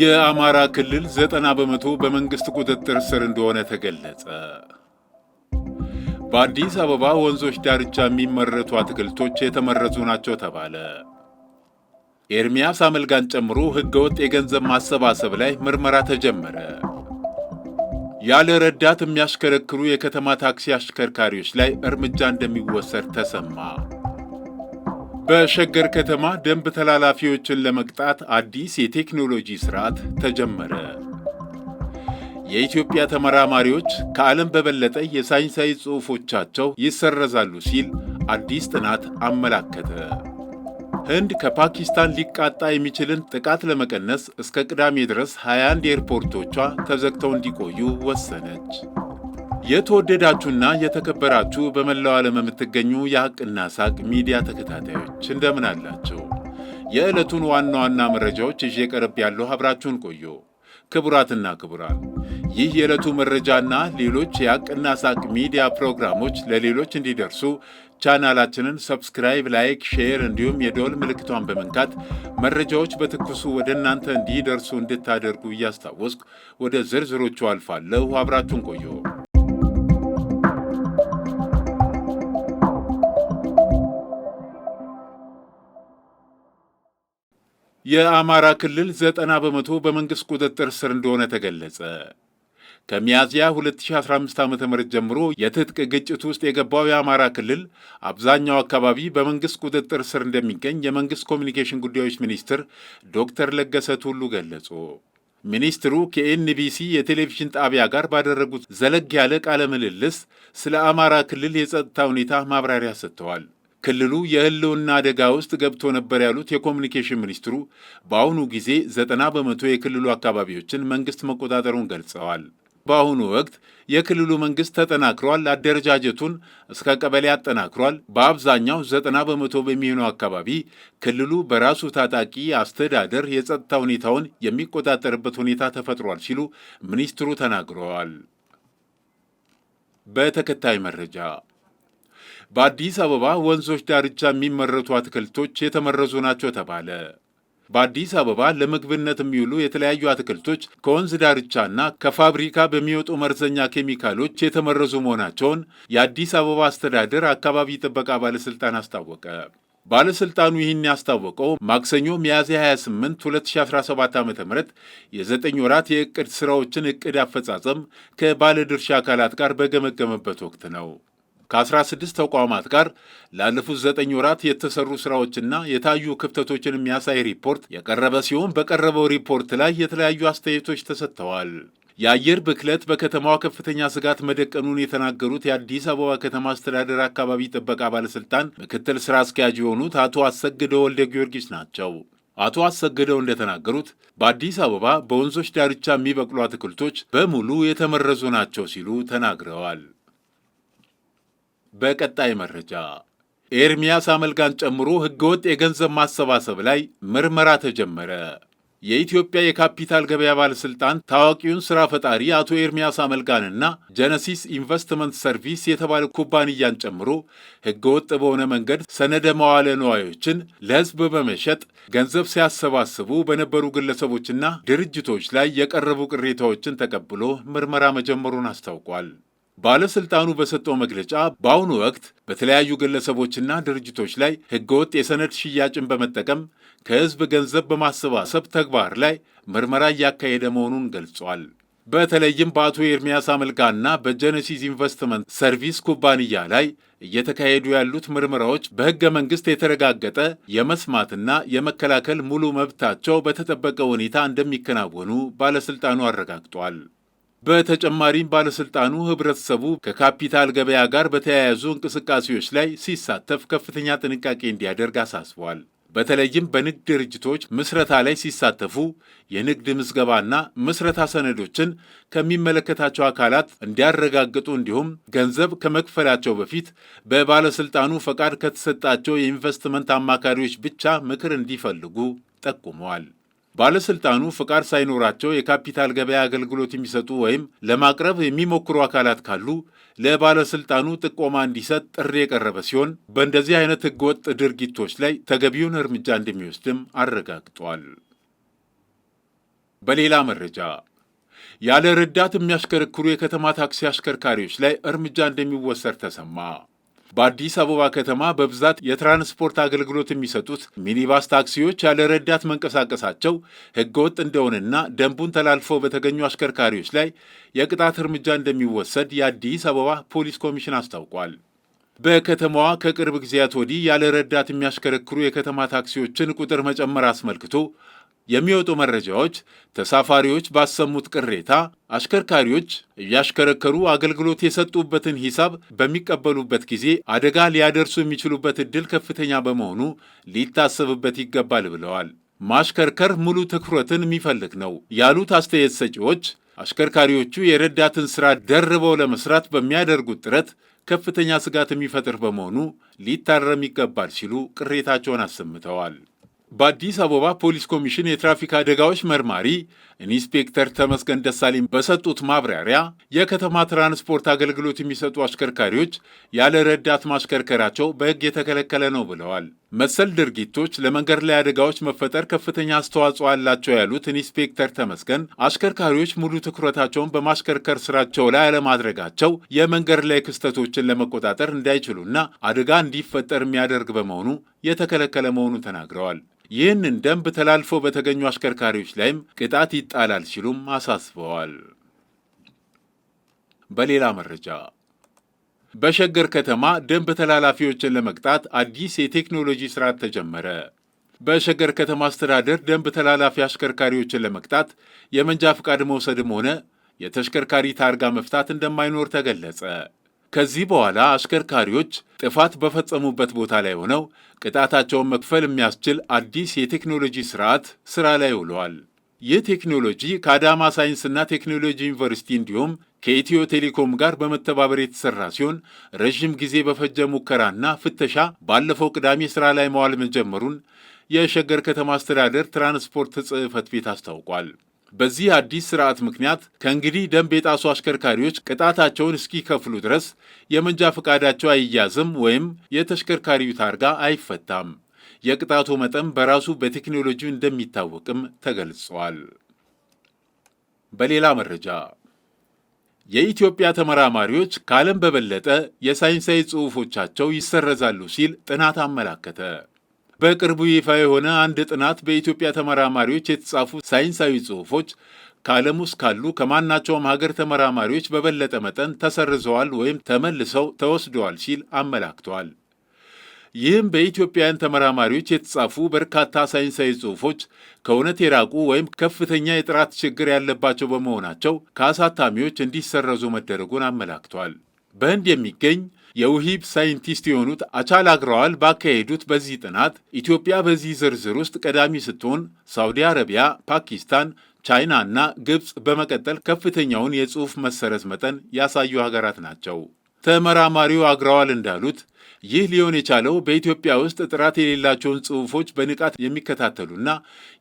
የአማራ ክልል ዘጠና በመቶ በመንግሥት ቁጥጥር ስር እንደሆነ ተገለጸ። በአዲስ አበባ ወንዞች ዳርቻ የሚመረቱ አትክልቶች የተመረዙ ናቸው ተባለ። ኤርሚያስ አመልጋን ጨምሮ ሕገወጥ የገንዘብ ማሰባሰብ ላይ ምርመራ ተጀመረ። ያለ ረዳት የሚያሽከረክሩ የከተማ ታክሲ አሽከርካሪዎች ላይ እርምጃ እንደሚወሰድ ተሰማ። በሸገር ከተማ ደንብ ተላላፊዎችን ለመቅጣት አዲስ የቴክኖሎጂ ስርዓት ተጀመረ። የኢትዮጵያ ተመራማሪዎች ከዓለም በበለጠ የሳይንሳዊ ጽሑፎቻቸው ይሰረዛሉ ሲል አዲስ ጥናት አመላከተ። ህንድ ከፓኪስታን ሊቃጣ የሚችልን ጥቃት ለመቀነስ እስከ ቅዳሜ ድረስ 21 ኤርፖርቶቿ ተዘግተው እንዲቆዩ ወሰነች። የተወደዳችሁና የተከበራችሁ በመላው ዓለም የምትገኙ የሐቅና ሳቅ ሚዲያ ተከታታዮች እንደምን አላችሁ? የዕለቱን ዋና ዋና መረጃዎች ይዤ ቀረብ ያለሁ አብራችሁን ቆዩ። ክቡራትና ክቡራን፣ ይህ የዕለቱ መረጃና ሌሎች የሐቅና ሳቅ ሚዲያ ፕሮግራሞች ለሌሎች እንዲደርሱ ቻናላችንን ሰብስክራይብ፣ ላይክ፣ ሼር እንዲሁም የደወል ምልክቷን በመንካት መረጃዎች በትኩሱ ወደ እናንተ እንዲደርሱ እንድታደርጉ እያስታወስኩ ወደ ዝርዝሮቹ አልፋለሁ። አብራችሁን ቆየ። የአማራ ክልል ዘጠና በመቶ በመንግሥት ቁጥጥር ስር እንደሆነ ተገለጸ። ከሚያዝያ 2015 ዓ ም ጀምሮ የትጥቅ ግጭት ውስጥ የገባው የአማራ ክልል አብዛኛው አካባቢ በመንግሥት ቁጥጥር ስር እንደሚገኝ የመንግሥት ኮሚኒኬሽን ጉዳዮች ሚኒስትር ዶክተር ለገሰ ቱሉ ገለጹ። ሚኒስትሩ ከኤንቢሲ የቴሌቪዥን ጣቢያ ጋር ባደረጉት ዘለግ ያለ ቃለ ምልልስ ስለ አማራ ክልል የጸጥታ ሁኔታ ማብራሪያ ሰጥተዋል። ክልሉ የህልውና አደጋ ውስጥ ገብቶ ነበር ያሉት የኮሚኒኬሽን ሚኒስትሩ በአሁኑ ጊዜ ዘጠና በመቶ የክልሉ አካባቢዎችን መንግስት መቆጣጠሩን ገልጸዋል። በአሁኑ ወቅት የክልሉ መንግስት ተጠናክሯል፣ አደረጃጀቱን እስከ ቀበሌ አጠናክሯል። በአብዛኛው ዘጠና በመቶ በሚሆነው አካባቢ ክልሉ በራሱ ታጣቂ አስተዳደር የጸጥታ ሁኔታውን የሚቆጣጠርበት ሁኔታ ተፈጥሯል ሲሉ ሚኒስትሩ ተናግረዋል። በተከታይ መረጃ በአዲስ አበባ ወንዞች ዳርቻ የሚመረቱ አትክልቶች የተመረዙ ናቸው ተባለ። በአዲስ አበባ ለምግብነት የሚውሉ የተለያዩ አትክልቶች ከወንዝ ዳርቻና ከፋብሪካ በሚወጡ መርዘኛ ኬሚካሎች የተመረዙ መሆናቸውን የአዲስ አበባ አስተዳደር አካባቢ ጥበቃ ባለሥልጣን አስታወቀ። ባለሥልጣኑ ይህን ያስታወቀው ማክሰኞ ሚያዝያ 28 2017 ዓ ም የዘጠኝ ወራት የእቅድ ሥራዎችን እቅድ አፈጻጸም ከባለድርሻ አካላት ጋር በገመገመበት ወቅት ነው። ከ16 ተቋማት ጋር ላለፉት ዘጠኝ ወራት የተሰሩ ስራዎችና የታዩ ክፍተቶችን የሚያሳይ ሪፖርት የቀረበ ሲሆን በቀረበው ሪፖርት ላይ የተለያዩ አስተያየቶች ተሰጥተዋል። የአየር ብክለት በከተማዋ ከፍተኛ ስጋት መደቀኑን የተናገሩት የአዲስ አበባ ከተማ አስተዳደር አካባቢ ጥበቃ ባለስልጣን ምክትል ስራ አስኪያጅ የሆኑት አቶ አሰግደ ወልደ ጊዮርጊስ ናቸው። አቶ አሰግደው እንደተናገሩት በአዲስ አበባ በወንዞች ዳርቻ የሚበቅሉ አትክልቶች በሙሉ የተመረዙ ናቸው ሲሉ ተናግረዋል። በቀጣይ መረጃ ኤርሚያስ አመልጋን ጨምሮ ህገወጥ የገንዘብ ማሰባሰብ ላይ ምርመራ ተጀመረ። የኢትዮጵያ የካፒታል ገበያ ባለሥልጣን ታዋቂውን ሥራ ፈጣሪ አቶ ኤርሚያስ አመልጋንና ጀነሲስ ኢንቨስትመንት ሰርቪስ የተባለ ኩባንያን ጨምሮ ህገወጥ በሆነ መንገድ ሰነደ መዋለ ነዋዮችን ለሕዝብ በመሸጥ ገንዘብ ሲያሰባስቡ በነበሩ ግለሰቦችና ድርጅቶች ላይ የቀረቡ ቅሬታዎችን ተቀብሎ ምርመራ መጀመሩን አስታውቋል። ባለስልጣኑ በሰጠው መግለጫ በአሁኑ ወቅት በተለያዩ ግለሰቦችና ድርጅቶች ላይ ህገወጥ የሰነድ ሽያጭን በመጠቀም ከህዝብ ገንዘብ በማሰባሰብ ተግባር ላይ ምርመራ እያካሄደ መሆኑን ገልጿል። በተለይም በአቶ ኤርሚያስ አመልካና በጀነሲስ ኢንቨስትመንት ሰርቪስ ኩባንያ ላይ እየተካሄዱ ያሉት ምርመራዎች በህገ መንግሥት የተረጋገጠ የመስማትና የመከላከል ሙሉ መብታቸው በተጠበቀ ሁኔታ እንደሚከናወኑ ባለሥልጣኑ አረጋግጧል። በተጨማሪም ባለስልጣኑ ህብረተሰቡ ከካፒታል ገበያ ጋር በተያያዙ እንቅስቃሴዎች ላይ ሲሳተፍ ከፍተኛ ጥንቃቄ እንዲያደርግ አሳስቧል። በተለይም በንግድ ድርጅቶች ምስረታ ላይ ሲሳተፉ የንግድ ምዝገባና ምስረታ ሰነዶችን ከሚመለከታቸው አካላት እንዲያረጋግጡ እንዲሁም ገንዘብ ከመክፈላቸው በፊት በባለስልጣኑ ፈቃድ ከተሰጣቸው የኢንቨስትመንት አማካሪዎች ብቻ ምክር እንዲፈልጉ ጠቁመዋል። ባለስልጣኑ ፍቃድ ሳይኖራቸው የካፒታል ገበያ አገልግሎት የሚሰጡ ወይም ለማቅረብ የሚሞክሩ አካላት ካሉ ለባለስልጣኑ ጥቆማ እንዲሰጥ ጥሪ የቀረበ ሲሆን በእንደዚህ አይነት ህገወጥ ድርጊቶች ላይ ተገቢውን እርምጃ እንደሚወስድም አረጋግጧል። በሌላ መረጃ ያለ ረዳት የሚያሽከረክሩ የከተማ ታክሲ አሽከርካሪዎች ላይ እርምጃ እንደሚወሰድ ተሰማ። በአዲስ አበባ ከተማ በብዛት የትራንስፖርት አገልግሎት የሚሰጡት ሚኒባስ ታክሲዎች ያለ ረዳት መንቀሳቀሳቸው ህገወጥ እንደሆነና ደንቡን ተላልፎ በተገኙ አሽከርካሪዎች ላይ የቅጣት እርምጃ እንደሚወሰድ የአዲስ አበባ ፖሊስ ኮሚሽን አስታውቋል። በከተማዋ ከቅርብ ጊዜያት ወዲህ ያለ ረዳት የሚያሽከረክሩ የከተማ ታክሲዎችን ቁጥር መጨመር አስመልክቶ የሚወጡ መረጃዎች ተሳፋሪዎች ባሰሙት ቅሬታ አሽከርካሪዎች እያሽከረከሩ አገልግሎት የሰጡበትን ሂሳብ በሚቀበሉበት ጊዜ አደጋ ሊያደርሱ የሚችሉበት ዕድል ከፍተኛ በመሆኑ ሊታሰብበት ይገባል ብለዋል። ማሽከርከር ሙሉ ትኩረትን የሚፈልግ ነው ያሉት አስተያየት ሰጪዎች አሽከርካሪዎቹ የረዳትን ሥራ ደርበው ለመስራት በሚያደርጉት ጥረት ከፍተኛ ስጋት የሚፈጥር በመሆኑ ሊታረም ይገባል ሲሉ ቅሬታቸውን አሰምተዋል። በአዲስ አበባ ፖሊስ ኮሚሽን የትራፊክ አደጋዎች መርማሪ ኢንስፔክተር ተመስገን ደሳለኝ በሰጡት ማብራሪያ የከተማ ትራንስፖርት አገልግሎት የሚሰጡ አሽከርካሪዎች ያለ ረዳት ማሽከርከራቸው በሕግ የተከለከለ ነው ብለዋል። መሰል ድርጊቶች ለመንገድ ላይ አደጋዎች መፈጠር ከፍተኛ አስተዋጽኦ አላቸው ያሉት ኢንስፔክተር ተመስገን አሽከርካሪዎች ሙሉ ትኩረታቸውን በማሽከርከር ስራቸው ላይ አለማድረጋቸው የመንገድ ላይ ክስተቶችን ለመቆጣጠር እንዳይችሉና አደጋ እንዲፈጠር የሚያደርግ በመሆኑ የተከለከለ መሆኑን ተናግረዋል። ይህንን ደንብ ተላልፎ በተገኙ አሽከርካሪዎች ላይም ቅጣት ይጣላል ሲሉም አሳስበዋል። በሌላ መረጃ በሸገር ከተማ ደንብ ተላላፊዎችን ለመቅጣት አዲስ የቴክኖሎጂ ስርዓት ተጀመረ። በሸገር ከተማ አስተዳደር ደንብ ተላላፊ አሽከርካሪዎችን ለመቅጣት የመንጃ ፍቃድ መውሰድም ሆነ የተሽከርካሪ ታርጋ መፍታት እንደማይኖር ተገለጸ። ከዚህ በኋላ አሽከርካሪዎች ጥፋት በፈጸሙበት ቦታ ላይ ሆነው ቅጣታቸውን መክፈል የሚያስችል አዲስ የቴክኖሎጂ ስርዓት ስራ ላይ ውለዋል። ይህ ቴክኖሎጂ ከአዳማ ሳይንስና ቴክኖሎጂ ዩኒቨርሲቲ እንዲሁም ከኢትዮ ቴሌኮም ጋር በመተባበር የተሰራ ሲሆን ረዥም ጊዜ በፈጀ ሙከራና ፍተሻ ባለፈው ቅዳሜ ስራ ላይ መዋል መጀመሩን የሸገር ከተማ አስተዳደር ትራንስፖርት ጽሕፈት ቤት አስታውቋል። በዚህ አዲስ ስርዓት ምክንያት ከእንግዲህ ደንብ የጣሱ አሽከርካሪዎች ቅጣታቸውን እስኪከፍሉ ድረስ የመንጃ ፈቃዳቸው አይያዝም ወይም የተሽከርካሪው ታርጋ አይፈታም። የቅጣቱ መጠን በራሱ በቴክኖሎጂ እንደሚታወቅም ተገልጿል። በሌላ መረጃ የኢትዮጵያ ተመራማሪዎች ከዓለም በበለጠ የሳይንሳዊ ጽሑፎቻቸው ይሰረዛሉ ሲል ጥናት አመላከተ። በቅርቡ ይፋ የሆነ አንድ ጥናት በኢትዮጵያ ተመራማሪዎች የተጻፉ ሳይንሳዊ ጽሑፎች ከዓለም ውስጥ ካሉ ከማናቸውም ሀገር ተመራማሪዎች በበለጠ መጠን ተሰርዘዋል ወይም ተመልሰው ተወስደዋል ሲል አመላክተዋል። ይህም በኢትዮጵያውያን ተመራማሪዎች የተጻፉ በርካታ ሳይንሳዊ ጽሑፎች ከእውነት የራቁ ወይም ከፍተኛ የጥራት ችግር ያለባቸው በመሆናቸው ከአሳታሚዎች እንዲሰረዙ መደረጉን አመላክቷል። በህንድ የሚገኝ የውሂብ ሳይንቲስት የሆኑት አቻል አግረዋል ባካሄዱት በዚህ ጥናት ኢትዮጵያ በዚህ ዝርዝር ውስጥ ቀዳሚ ስትሆን ሳውዲ አረቢያ፣ ፓኪስታን ቻይና እና ግብፅ በመቀጠል ከፍተኛውን የጽሑፍ መሰረት መጠን ያሳዩ ሀገራት ናቸው። ተመራማሪው አግረዋል እንዳሉት ይህ ሊሆን የቻለው በኢትዮጵያ ውስጥ ጥራት የሌላቸውን ጽሑፎች በንቃት የሚከታተሉና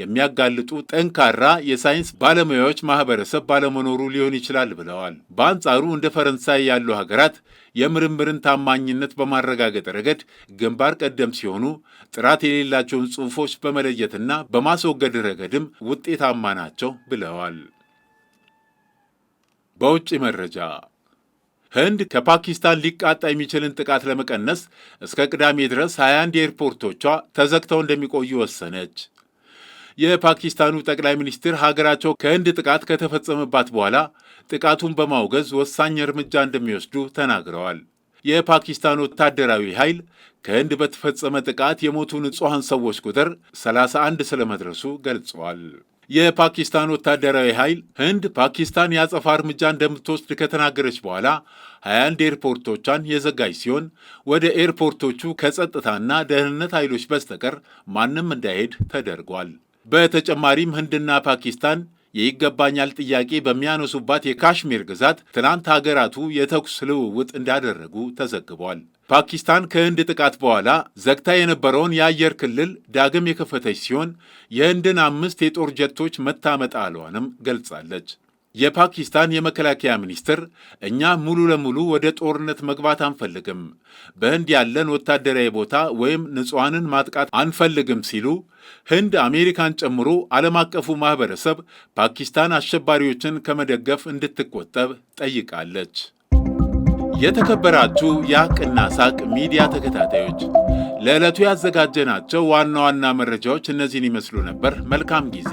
የሚያጋልጡ ጠንካራ የሳይንስ ባለሙያዎች ማህበረሰብ ባለመኖሩ ሊሆን ይችላል ብለዋል። በአንጻሩ እንደ ፈረንሳይ ያሉ ሀገራት የምርምርን ታማኝነት በማረጋገጥ ረገድ ግንባር ቀደም ሲሆኑ ጥራት የሌላቸውን ጽሑፎች በመለየትና በማስወገድ ረገድም ውጤታማ ናቸው ብለዋል። በውጭ መረጃ ህንድ ከፓኪስታን ሊቃጣ የሚችልን ጥቃት ለመቀነስ እስከ ቅዳሜ ድረስ 21 ኤርፖርቶቿ ተዘግተው እንደሚቆዩ ወሰነች። የፓኪስታኑ ጠቅላይ ሚኒስትር ሀገራቸው ከህንድ ጥቃት ከተፈጸመባት በኋላ ጥቃቱን በማውገዝ ወሳኝ እርምጃ እንደሚወስዱ ተናግረዋል። የፓኪስታን ወታደራዊ ኃይል ከህንድ በተፈጸመ ጥቃት የሞቱ ንጹሐን ሰዎች ቁጥር 31 ስለመድረሱ ገልጸዋል። የፓኪስታን ወታደራዊ ኃይል ህንድ ፓኪስታን የአጸፋ እርምጃ እንደምትወስድ ከተናገረች በኋላ 21 ኤርፖርቶቿን የዘጋች ሲሆን ወደ ኤርፖርቶቹ ከጸጥታና ደህንነት ኃይሎች በስተቀር ማንም እንዳይሄድ ተደርጓል። በተጨማሪም ህንድና ፓኪስታን የይገባኛል ጥያቄ በሚያነሱባት የካሽሚር ግዛት ትናንት ሀገራቱ የተኩስ ልውውጥ እንዳደረጉ ተዘግቧል። ፓኪስታን ከህንድ ጥቃት በኋላ ዘግታ የነበረውን የአየር ክልል ዳግም የከፈተች ሲሆን የህንድን አምስት የጦር ጀቶች መታ ገልጻለች። የፓኪስታን የመከላከያ ሚኒስትር እኛ ሙሉ ለሙሉ ወደ ጦርነት መግባት አንፈልግም፣ በህንድ ያለን ወታደራዊ ቦታ ወይም ንጹሐንን ማጥቃት አንፈልግም ሲሉ ህንድ አሜሪካን ጨምሮ ዓለም አቀፉ ማኅበረሰብ ፓኪስታን አሸባሪዎችን ከመደገፍ እንድትቆጠብ ጠይቃለች። የተከበራችሁ የሐቅና ሳቅ ሚዲያ ተከታታዮች ለዕለቱ ያዘጋጀናቸው ዋና ዋና መረጃዎች እነዚህን ይመስሉ ነበር። መልካም ጊዜ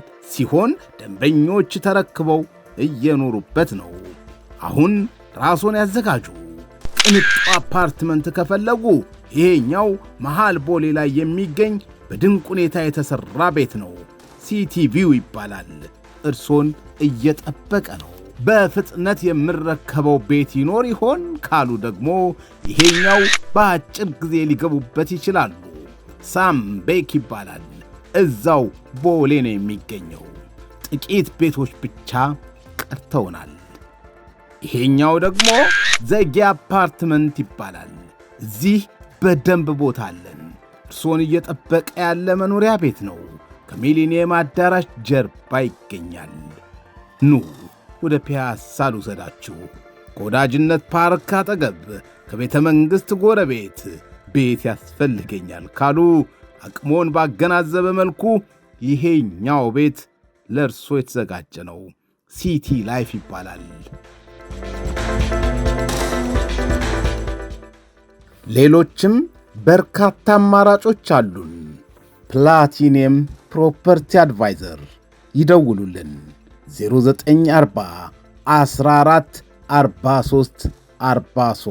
ሲሆን ደንበኞች ተረክበው እየኖሩበት ነው። አሁን ራስዎን ያዘጋጁ። ቅንጡ አፓርትመንት ከፈለጉ ይሄኛው መሃል ቦሌ ላይ የሚገኝ በድንቅ ሁኔታ የተሠራ ቤት ነው። ሲቲቪው ይባላል። እርሶን እየጠበቀ ነው። በፍጥነት የምረከበው ቤት ይኖር ይሆን ካሉ ደግሞ ይሄኛው በአጭር ጊዜ ሊገቡበት ይችላሉ። ሳም ቤክ ይባላል። እዛው ቦሌ ነው የሚገኘው። ጥቂት ቤቶች ብቻ ቀርተውናል። ይሄኛው ደግሞ ዘጌ አፓርትመንት ይባላል። እዚህ በደንብ ቦታ አለን። እርሶን እየጠበቀ ያለ መኖሪያ ቤት ነው። ከሚሊኒየም አዳራሽ ጀርባ ይገኛል። ኑ ወደ ፒያሳ ልውሰዳችሁ። ከወዳጅነት ፓርክ አጠገብ ከቤተ መንግሥት ጎረቤት ቤት ያስፈልገኛል ካሉ አቅሞን ባገናዘበ መልኩ ይሄኛው ቤት ለእርሶ የተዘጋጀ ነው። ሲቲ ላይፍ ይባላል። ሌሎችም በርካታ አማራጮች አሉን። ፕላቲኒየም ፕሮፐርቲ አድቫይዘር ይደውሉልን 0940 14 43 43